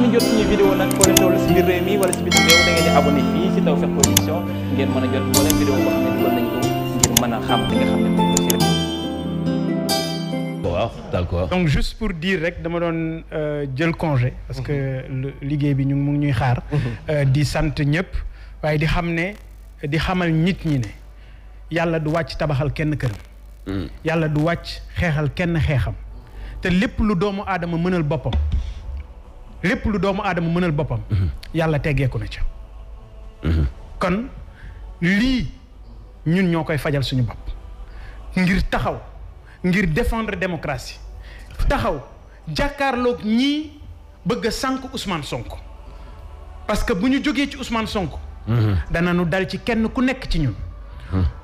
ngeen jot a jot moo donc juste pour diir rek dama doon euh, jël congé. parce que mhm. liggéey bi ñu mu ngi ñuy xaar. Mhm. Euh, di sant ñëpp waaye di xam ne di xamal nit ñi ne yàlla du wàcc tabaxal kenn këram. Mhm. yàlla du wàcc xeexal kenn xeexam te lépp lu doomu aadama mënal boppam. lépp lu doomu aadama mënal boppam. yàlla teggeeku na ca. kon lii ñun ñoo koy fajal suñu bopp ngir taxaw ngir défendre démocratie taxaw jàkkaarloog ñii bëgg a sànq Ousmane Sonko parce que bu ñu jógee ci Ousmane sonk dana nu dal ci kenn ku nekk ci ñun.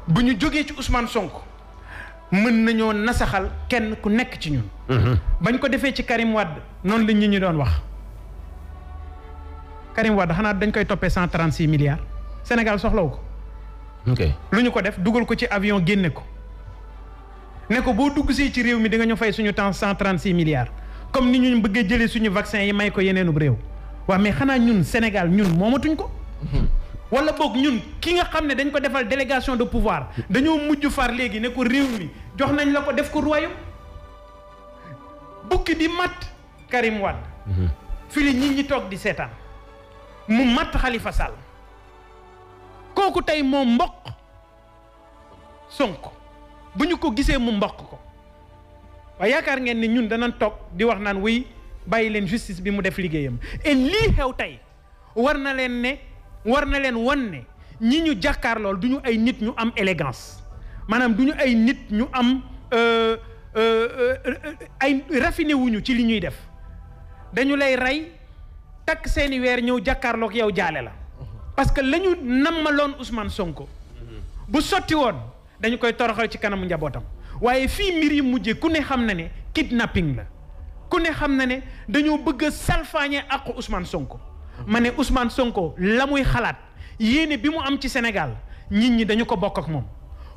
bu ñu jógee ci Ousmane sonk mën nañoo nasaxal kenn ku nekk ci ñun. bañ ko defee ci Karim Wade noonu la ñu ñu doon wax. Karim Wade xanaa dañ koy toppee cent trente six milliards soxlaw ko. ok lu ñu ko def dugal ko ci avion génne ko ne ko boo dugg see ci réew mi di nga ñu fay suñu temps cent trente six milliards comme ni ñu bëggee jëlee suñu vaccin yi may ko yeneenub réew waaw mais xanaa ñun Sénégal ñun moomatuñ ko. wala boog ñun ki nga xam ne dañ ko defal délégation de pouvoir dañoo mujj far léegi ne ko réew mi jox nañ la ko def ko royaume bukki di mat Karim Wade. Mhm. fii la ñi toog di seetaan. mu matt xalifa Sall kooku tey moo mboq Sonko bu ñu ko gisee mu mboq ko waaye yaakaar ngeen ne ñun dana toog di wax naan wuy bàyyi leen justice bi mu def liggéeyam et lii xew tey war na leen ne war na leen wan ne ñi ñu jàkkaar lool du ñu ay nit ñu am élégance maanaam du ñu ay nit ñu am euh, euh, euh, ay raffiné wuñu ci li ñuy def dañu lay rey takk seeni weer ñëw jàkkaarloog yow jaale la parce que la ñu nammaloon Ousmane Sonko bu sotti woon dañu koy toroxal ci kanamu njabootam waaye fii mbir yi mujjee ku ne xam na ne kidnapping la ku ne xam na ne dañoo bëgg a salfaañe àqu Ousmane Sonko ma ne usmaan Sonko la muy xalaat yéene bi mu am ci Sénégal nit ñi dañu ko bokk ak moom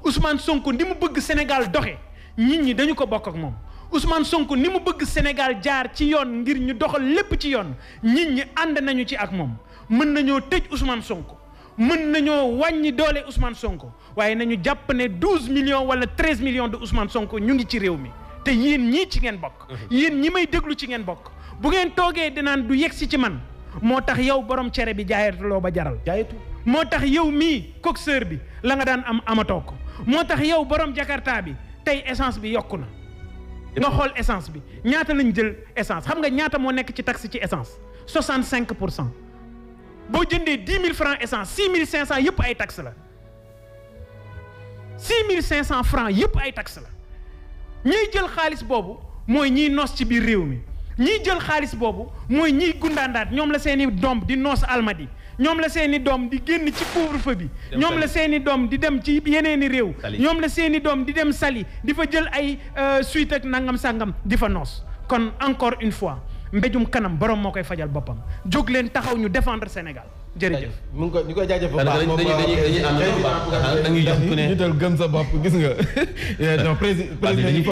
Ousmane Sonko ni mu bëgg Sénégal doxe nit ñi dañu ko bokk ak moom Ousmane Sonko ni mu bëgg Sénégal jaar ci yoon ngir ñu doxal lépp ci yoon nit ñi ànd nañu ci ak moom mën nañoo tëj Ousmane Sonko mën nañoo wàññi doole Ousmane Sonko waaye nañu jàpp ne douze millions wala treize millions de Ousmane Sonko ñu ngi ci réew mi te yéen ñii ci ngeen bokk. Mhm. yéen ñi may déglu ci ngeen bokk bu ngeen toogee di dinaan du yegsi ci man moo tax yow borom cere bi jaayatuloo ba jaral. jaayatu moo tax yow mii coxeur bi la nga daan am amatoo ko moo tax yow borom jakarta bi tey essence bi yokku na. nga xool essence bi ñaata lañ jël essence xam nga ñaata moo nekk ci taxe ci essence 65 pour cent boo jëndee 10 000 francs essence 6 500 yëpp ay taxe la 6 500 francs yëpp ay taxe la ñiy jël xaalis boobu mooy ñiy noos ci biir réew mi. ñiy jël xaalis boobu mooy ñiy gundaandaat ñoom la seeni doom di noos almadi ñoom la seeni doom di génn ci couvre bi ñoom la seeni doom di dem ci yeneen i réew ñoom la seeni doom di dem sali di fa jël ay euh, suite ak nangam sangam di fa noos kon encore une fois mbéjum kanam borom moo koy fajal boppam jóg leen taxaw ñu défendre Sénégal jërëjëf mu ko ñu koy jaajëf bu baax dañuy dañuy dañuy dañuy jox ku ne ñu dal gëm sa bopp gis nga non président